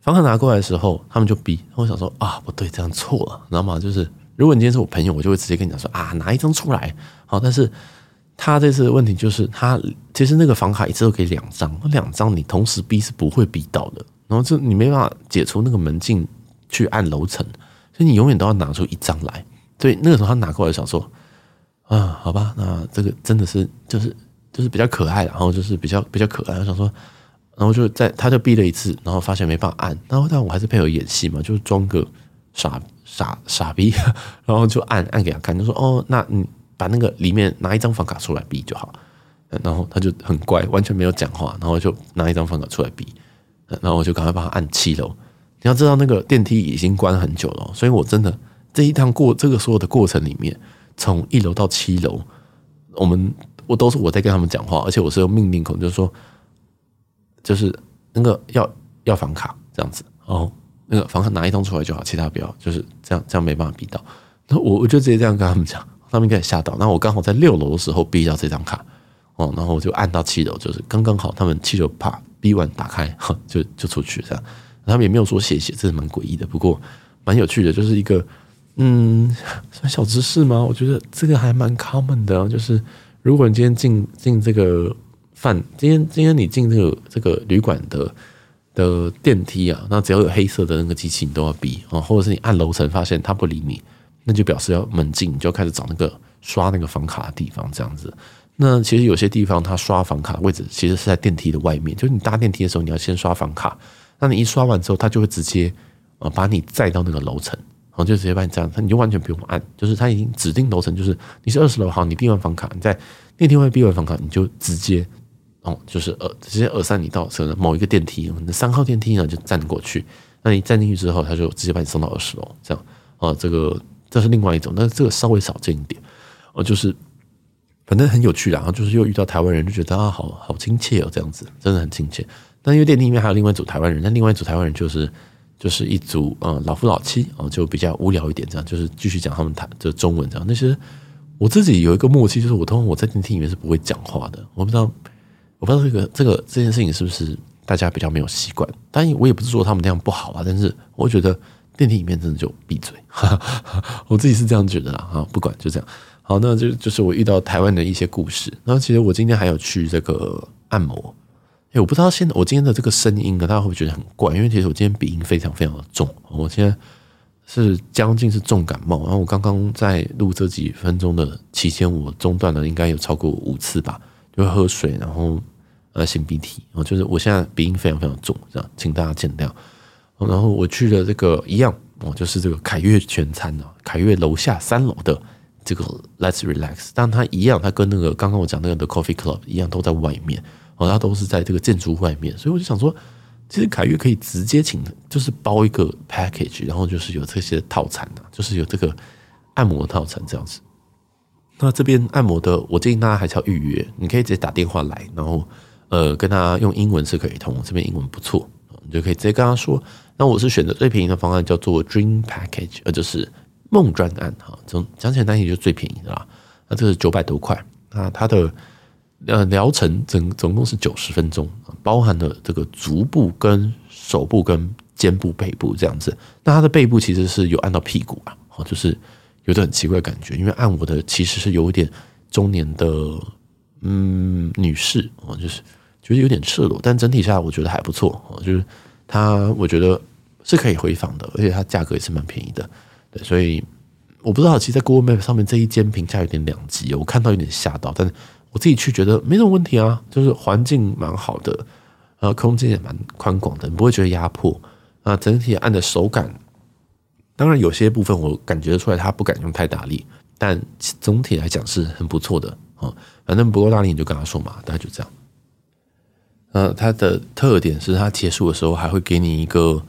房卡拿過來的時候，他們就逼。我想說：“啊，不對，這樣錯了。”然後嘛，就是如果你今天是我朋友，我就會直接跟你講說：“啊，拿一張出來。”好，但是他這次的問題就是，他其實那個房卡一次都可以兩張，那兩張你同時逼是不會逼到的。然後就你沒辦法解除那個門禁去按樓層。所以你永遠都要拿出一張來，所以那個時候他拿過來想說：“啊，好吧，那這個真的是就是就是比較可愛，然後就是比較比較可愛。”我想說，然後就在他就嗶了一次，然後發現沒辦法按，然後但我還是配合演戲嘛，就裝個傻傻傻，傻逼，然後就按按給他看，就說：“哦，那你把那個裡面拿一張房卡出來嗶就好。”然後他就很乖，完全沒有講話，然後就拿一張房卡出來嗶，然後我就趕快把他按七樓。你要知道，那個電梯已經關很久了，所以我真的這一趟過這個所有的過程裡面，從一樓到七樓，我們我都是我在跟他們講話，而且我是用命令口，就是說，就是那個要要房卡這樣子哦，那個房卡拿一張出來就好，其他不要，就是這樣，這樣沒辦法逼到。那我我就直接這樣跟他們講，他們應該也嚇到。那我剛好在六樓的時候逼到這張卡哦，然後我就按到七樓，就是剛剛好他們七樓啪，逼完打開，就就出去這樣。他們也沒有說謝謝，這是蠻詭異的。不過蠻有趣的，就是一個嗯小知識嗎？我覺得這個還蠻 common 的啊，就是如果你今天進進這個飯，今天今天你進這個這個旅館的的電梯啊，那只要有黑色的那個機器，你都要比啊，或者是你按樓層，發現它不理你，那就表示要門禁，你就要開始找那個刷那個房卡的地方。這樣子，那其實有些地方它刷房卡的位置其實是在電梯的外面，就是你搭電梯的時候，你要先刷房卡。那你一刷完之後，他就會直接把你載到那個樓層，然後就直接把你這樣，他你就完全不用按，就是他已經指定樓層，就是你是二十樓，好，你閉完房卡，你在電梯外閉完房卡，你就直接哦，就是呃直接二三你到車某一個電梯，三號電梯呢就站過去，那你站進去之後，他就直接把你送到二十樓，這樣啊，這個這是另外一種，但是這個稍微少見一點，哦，就是反正很有趣，然後就是又遇到台灣人，就覺得啊，好好親切哦、喔，這樣子真的很親切。但因為電梯裡面還有另外一組台灣人，那另外一組台灣人就是就是一組嗯老夫老妻，喔，就比較無聊一點這樣，就是繼續講他們台的中文這樣。那其實我自己有一個默契，就是我通常我在電梯裡面是不會講話的。我不知道，我不知道這個這個這件事情是不是大家比較沒有習慣。當然我也不是說他們那樣不好啊，但是我覺得電梯裡面真的就閉嘴哈哈。我自己是這樣覺得啦，啊，不管就這樣。好，那就就是我遇到台灣的一些故事。然後其實我今天還有去這個按摩。哎，欸、我不知道現在我今天的這個聲音啊，大家會不會覺得很怪？因為其實我今天鼻音非常非常的重，我現在是將近是重感冒。然後我剛剛在錄這幾分鐘的期間，我中斷了應該有超過五次吧，就喝水，然後呃擤鼻涕。然後就是我現在鼻音非常非常重，這樣，請大家見諒。然後我去了這個一樣哦，就是這個凱悅全餐啊，凱悅樓下三樓的這個 Let's Relax，但它一樣，它跟那個剛剛我講那個 The Coffee Club 一樣，都在外面。然後，他都是在這個建築外面，所以我就想說，其實凱悅可以直接請，就是包一個 package，然後就是有這些套餐、啊、就是有這個按摩的套餐這樣子。那這邊按摩的，我建議大家還是要預約，你可以直接打電話來，然後呃，跟他用英文是可以通，這邊英文不錯，你就可以直接跟他說，那我是選擇最便宜的方案，叫做 Dream Package，就是夢專案哈，講起來，當然也就最便宜的啦。那這個九百多塊，那它的。呃，療程整總共是九十分鐘，包含了這個足部、跟手部、跟肩部、背部這樣子。那它的背部其實是有按到屁股啊，哦，就是有種很奇怪的感覺，因為按我的其實是有一點中年的嗯女士哦，就是就是有點赤裸，但整體下來我覺得還不錯哦，就是它我覺得是可以回訪的，而且它價格也是蠻便宜的，對，所以我不知道，其實在 Google Map 上面這一間評價有點兩極，我看到有點嚇到，但是。我自己去覺得沒什麼問題啊，就是環境蠻好的，然後、呃、空間也蠻寬廣的，你不會覺得壓迫。啊、呃，整體按的手感，當然有些部分我感覺得出來他不敢用太大力，但總體來講是很不錯的啊、呃。反正不夠大力你就跟他說嘛，他就這樣。呃，它的特點是他結束的時候還會給你一個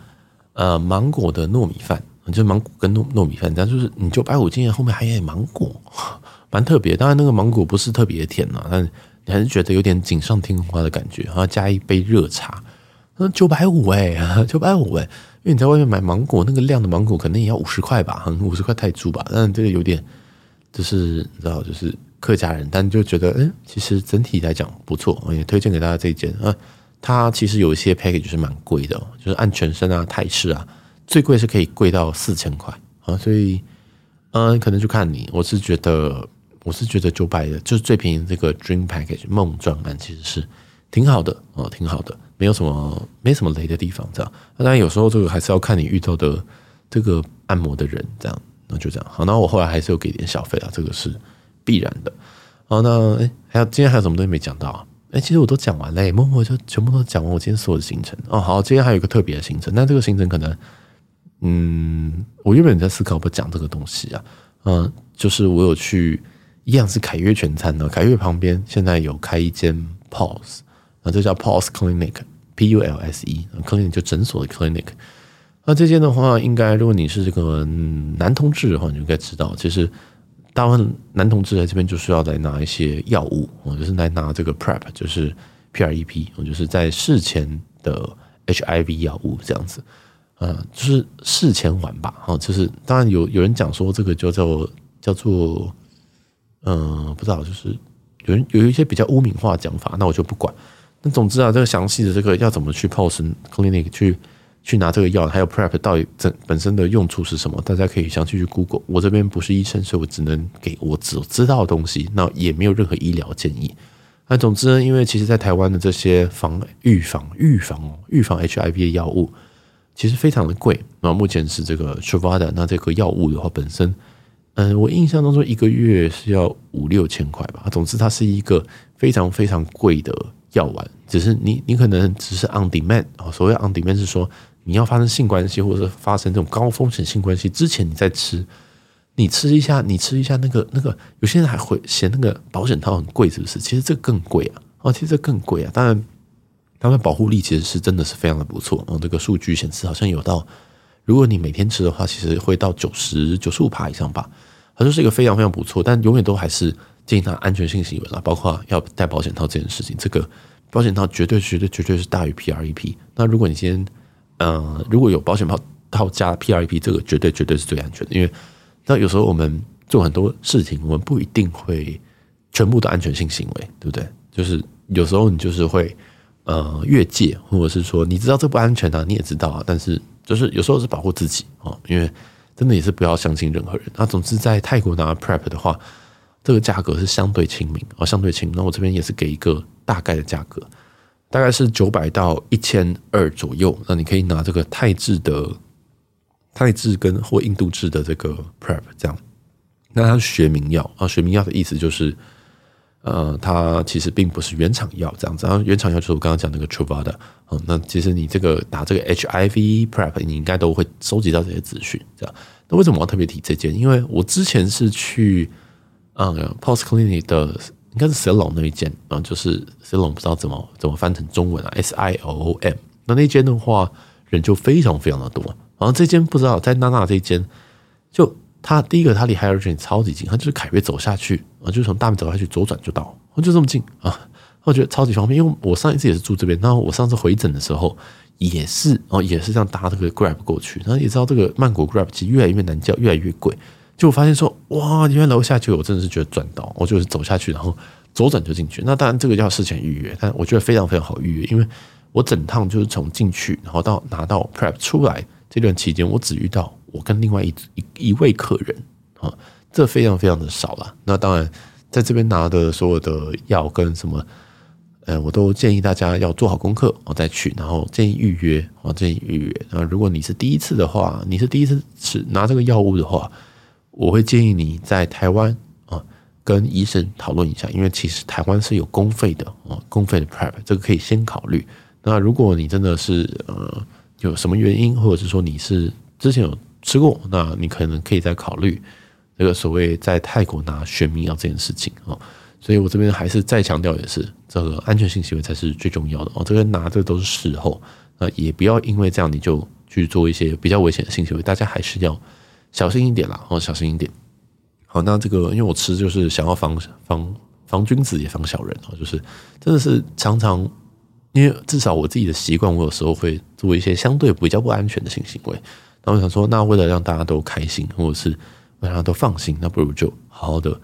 呃芒果的糯米飯、呃，就芒果跟糯糯米飯，但就是你就白五精後面還有芒果。蠻特別，當然那個芒果不是特別甜吶、啊，但你還是覺得有點錦上添花的感覺。然、啊、後加一杯熱茶，那說九百五哎，九百五哎，因為你在外面買芒果那個量的芒果可能也要五十塊吧，五十塊泰銖吧。但這個有點，就是你知道，就是客家人，但就覺得，嗯，其實整體來講不錯，也推薦給大家這一間。啊，它其實有一些 package 是蠻貴的，就是按全身啊、泰式啊，最貴是可以貴到四千塊啊。所以，嗯，可能就看你，我是覺得。我是覺得九百的，就是最便宜的這個 Dream Package 夢鑽版其實是挺好的哦、嗯，挺好的，沒有什麼沒什麼雷的地方這樣。當然有時候這個還是要看你遇到的這個按摩的人這樣，那就這樣。好，那我後來還是有給點小費啊，這個是必然的。好，那哎、欸，還有今天還有什麼東西沒講到啊？哎、欸，其實我都講完嘞、欸，默默就全部都講完我今天所有的行程哦。好，今天還有一個特別的行程，那這個行程可能嗯，我原本在思考不講這個東西啊，嗯，就是我有去。一樣是凱悅全餐的。凱悅旁邊現在有開一間 Pulse，a 啊，這叫 Pulse a Clinic，P U L S E，然後 clinic 就診所的 clinic。那這間的話，應該如果你是這個男同志的話，你就該知道，就是大部分男同志來這邊就需要來拿一些藥物，我就是來拿這個 Prep，就是 P R E P，我就是在事前的 H I V 藥物這樣子，啊，就是事前丸吧，哈，就是當然有有人講說這個就叫做叫做。嗯，不知道，就是有人有一些比較污名化講法，那我就不管。那總之啊，這個詳細的這個要怎麼去 Pose Clinic 去去拿這個藥，還有 prep 到底這本身的用處是什麼，大家可以詳細去 google。我這邊不是醫生，所以我只能給我只知道的東西，那也沒有任何醫療建議。那總之呢，因為其實在台灣的這些防預防預防預防 HIV 的藥物，其實非常的貴。那目前是這個 Truvada，那這個藥物的話本身。嗯，我印象當中說一個月是要五六千塊吧。總之，它是一個非常非常貴的藥丸。只是你，你可能只是 on demand 啊、哦。所謂 on demand 是說你要發生性關係，或者是發生這種高風險性關係之前，你再吃。你吃一下，你吃一下那個那個。有些人還會嫌那個保險套很貴，是不是？其實這更貴啊！哦，其實這更貴啊。當然，它的保護力其實是真的是非常的不錯。哦、嗯，這個數據顯示好像有到。如果你每天吃的話，其實會到九十九十五趴以上吧，它就是一個非常非常不錯，但永遠都還是建議他安全性行為啦，包括要戴保險套這件事情，這個保險套絕對絕對絕對是大於 PrEP。那如果你先，呃，如果有保險套套加 PrEP，這個絕對絕對是最安全的，因為那有時候我們做很多事情，我們不一定會全部的安全性行為，對不對？就是有時候你就是會呃越界，或者是說你知道這不安全啊，你也知道，啊，但是。就是有時候是保護自己哦，因為真的也是不要相信任何人。那總之在泰國拿 prep 的話，這個價格是相對親民哦，相對親。那我這邊也是給一個大概的價格，大概是九百到一千二左右。那你可以拿這個泰制的泰制跟或印度制的這個 prep 這樣。那它是學名藥啊，學名藥的意思就是。呃，它其實並不是原廠藥這樣子，然後原廠藥就是我剛剛講那個 Truvada，嗯，那其實你這個打這個 HIV Prep 你應該都會收集到這些資訊，這樣。那為什麼我要特別提這間？因為我之前是去嗯 Post Clinic 的，應該是 Silom 那一間啊，就是 Silom 不知道怎麼怎麼翻成中文啊 S I L O M。那那間的話人就非常非常的多，然後這間不知道在娜娜這間就。它第一個，它離 Hydrogen 超級近，它就是凱悅走下去啊，就從大門走下去，左轉就到，我就這麼近啊，我覺得超級方便。因為我上一次也是住這邊，然後我上次回診的時候也是哦，也是這樣搭這個 Grab 過去。然後你知道這個曼谷 Grab 其實越來越難叫，越來越貴，就我發現說哇，原來樓下去，我真的是覺得賺到，我就是走下去，然後左轉就進去。那當然這個要事前預約，但我覺得非常非常好預約，因為我整趟就是從進去，然後到拿到 Prep 出來這段期間，我只遇到我跟另外一一一位客人啊、哦，這非常非常的少了。那當然，在這邊拿的所有的藥跟什麼，呃，我都建議大家要做好功課，我、哦、再去，然後建議預約，啊、哦，建議預約。那如果你是第一次的話，你是第一次吃拿這個藥物的話，我會建議你在台灣啊、哦、跟醫生討論一下，因為其實台灣是有公費的啊、哦，公費的 PrEP，這個可以先考慮。那如果你真的是呃有什麼原因，或者是說你是之前有吃過，那你可能可以再考慮這個所謂在泰國拿血明藥這件事情啊。所以我這邊還是再強調，也是這個安全性行為才是最重要的哦。這個拿這個都是事後，那也不要因為這樣你就去做一些比較危險的性行為。大家還是要小心一點啦，哦，小心一點。好，那這個因為我吃就是想要防防防君子也防小人，就是真的是常常，因為至少我自己的習慣，我有時候會做一些相對比較不安全的性行為。然後我想說，那為了讓大家都開心，或者是為了讓大家都放心，那不如就好好的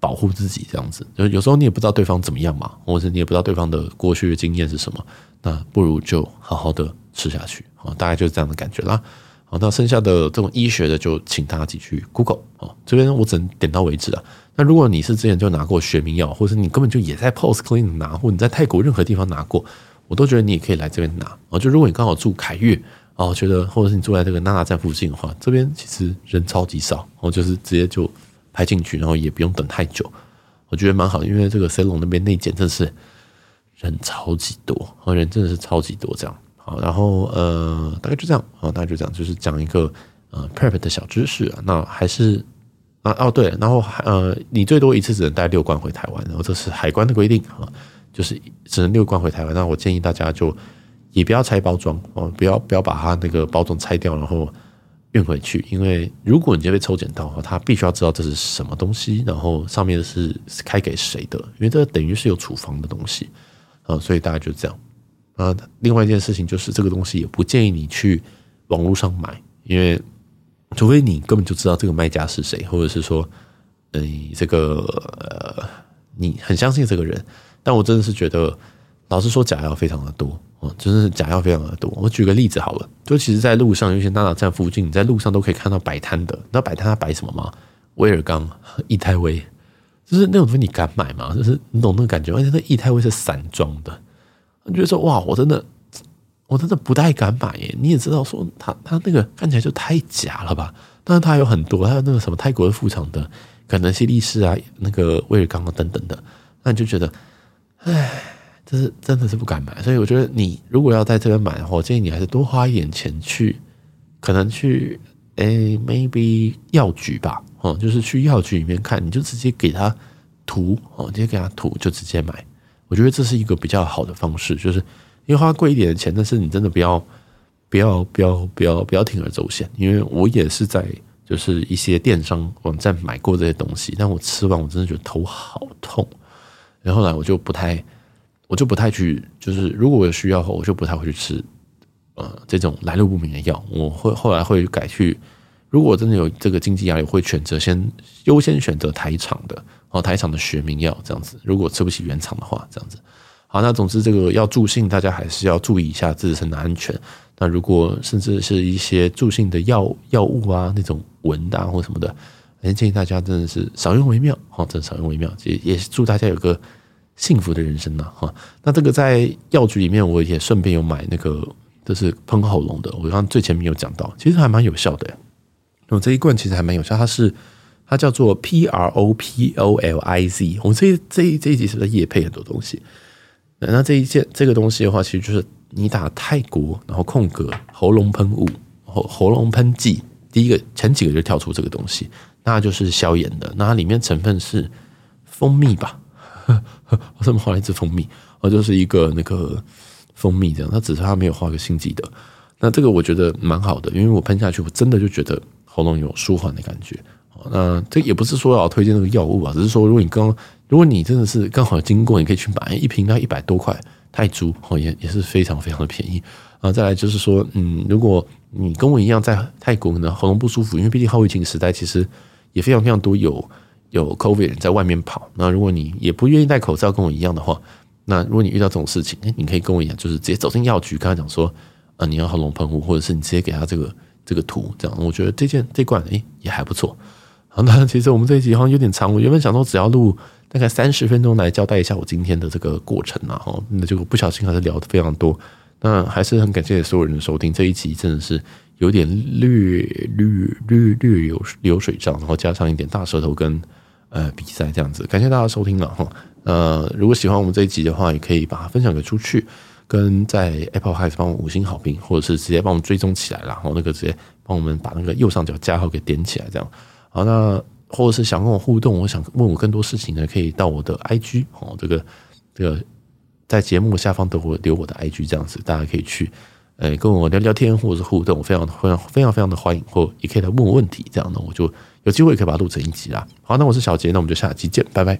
保護自己，這樣子。就有時候你也不知道對方怎麼樣嘛，或者是你也不知道對方的過去的經驗是什麼，那不如就好好的吃下去。好，大概就是這樣的感覺啦。好，那剩下的這種醫學的，就請大家自己去 Google 哦。這邊我只能點到為止啊。那如果你是之前就拿過學名藥，或者是你根本就也在 Post Clinic 拿，或者你在泰國任何地方拿過，我都覺得你也可以來這邊拿啊。就如果你剛好住凱悅。哦，我覺得或者是你住在這個娜娜站附近的話，這邊其實人超級少，然、哦、後就是直接就排進去，然後也不用等太久，我覺得蠻好，因為這個 C 龍那邊內檢真的是人超級多，啊、哦，人真的是超級多這樣。好，然後呃，大概就這樣，啊，大概就這樣，就是講一個呃 PrEP 的小知識啊。那還是啊哦對，然後呃，你最多一次只能帶六罐回台灣，然後這是海關的規定啊，就是只能六罐回台灣。那我建議大家就。也不要拆包裝哦，不要不要把它那個包裝拆掉，然後運回去。因為如果你要被抽檢到的話，他必須要知道這是什麼東西，然後上面是開給誰的，因為這等於是有處方的東西啊、哦。所以大家就這樣啊、呃。另外一件事情就是，這個東西也不建議你去網絡上買，因為除非你根本就知道這個賣家是誰，或者是說，嗯、呃，這個、呃、你很相信這個人，但我真的是覺得，老實說，假藥非常的多。哦，真、嗯，就是假藥非常的多。我舉個例子好了，就其實，在路上，有些那那站附近，你在路上都可以看到擺攤的。你知道擺攤它擺什麼嗎？威爾剛、益泰威，就是那種東西，你敢買嗎？就是你懂那個感覺，而、哎、且那益、個、泰威是散裝的，你覺得說哇，我真的，我真的不太敢買耶。你也知道說它，它它那個看起來就太假了吧？但是它有很多，還有那個什麼泰國的副廠的，可能西力士啊，那個威爾剛啊等等的，那你就覺得，唉。就是真的是不敢買，所以我覺得你如果要在這邊買的話，我建議你還是多花一點錢去，可能去哎、欸、maybe 藥局吧，哦，就是去藥局裡面看，你就直接給他塗，哦，直接給他塗就直接買，我覺得這是一個比較好的方式，就是因為花貴一點的錢，但是你真的不要不要不要不要不要鋌而走險，因為我也是在就是一些電商網站買過這些東西，但我吃完我真的覺得頭好痛，然後呢我就不太。我就不太去，就是如果我有需要的話，我就不太會去吃，呃，這種來路不明的藥。我會後來會改去，如果真的有這個經濟壓力，我會選擇先優先選擇台廠的，然後台廠的學名藥這樣子。如果吃不起原廠的話，這樣子。好，那總之這個要助興，大家還是要注意一下自身的安全。那如果甚至是一些助興的藥藥物啊，那種紋啊或什麼的，還是建議大家真的是少用為妙。好，真的少用為妙。也也祝大家有個。幸福的人生吶、啊，哈，那這個在藥局裡面，我也順便有買那個，就是噴喉嚨的。我剛最前面有講到，其實還蠻有效的、欸。那、哦、這一罐其實還蠻有效，它是它叫做 PROPOLIZ。我、哦、這這一這一集是不是也配很多東西？那這一件這個東西的話，其實就是你打泰國，然後空格喉嚨噴霧，喉喉嚨噴劑。第一個前幾個就跳出這個東西，那就是消炎的。那它裡面成分是蜂蜜吧？呵呵我上面畫了一支蜂蜜，啊、哦，就是一個那個蜂蜜這樣，他只是他沒有畫個心機的。那這個我覺得蠻好的，因為我噴下去，我真的就覺得喉嚨有舒緩的感覺、哦。那這也不是說要推薦那個藥物吧，只是說如果你剛，如果你真的是剛好經過，你可以去買一瓶，它一百多塊泰銖，也、哦、也是非常非常的便宜。啊，再來就是說，嗯，如果你跟我一樣在泰國呢，可能喉嚨不舒服，因為畢竟後疫情時代，其實也非常非常多有。有 COVID 人在外面跑，那如果你也不願意戴口罩跟我一樣的話，那如果你遇到這種事情，你可以跟我一樣，就是直接走進藥局，跟他講說，啊，你要喉嚨噴霧，或者是你直接給他這個這個圖，這樣，我覺得這件這罐，哎、欸，也還不錯。好，那其實我們這一集好像有點長，我原本想說只要錄大概三十分鐘來交代一下我今天的這個過程啊，哈，那結果不小心還是聊得非常多。那還是很感謝所有人的收聽，這一集真的是有點略略略略有流水賬，然後加上一點大舌頭跟。呃，比賽這樣子，感謝大家收聽了哈。呃，如果喜歡我們這一集的話，也可以把它分享給出去，跟在 Apple House 幫我們五星好評，或者是直接幫我們追蹤起來，然後那個直接幫我們把那個右上角加號給點起來，這樣。好，那或者是想跟我互動，我想問我更多事情呢，可以到我的 IG，好，這個這個在節目下方都會留我的 IG，這樣子，大家可以去，呃，跟我聊聊天或者是互動，非常非常非常非常的歡迎，或也可以來問我問題，這樣的我就有機會可以把它錄成一集啦。好，那我是小杰，那我們就下期見，拜拜。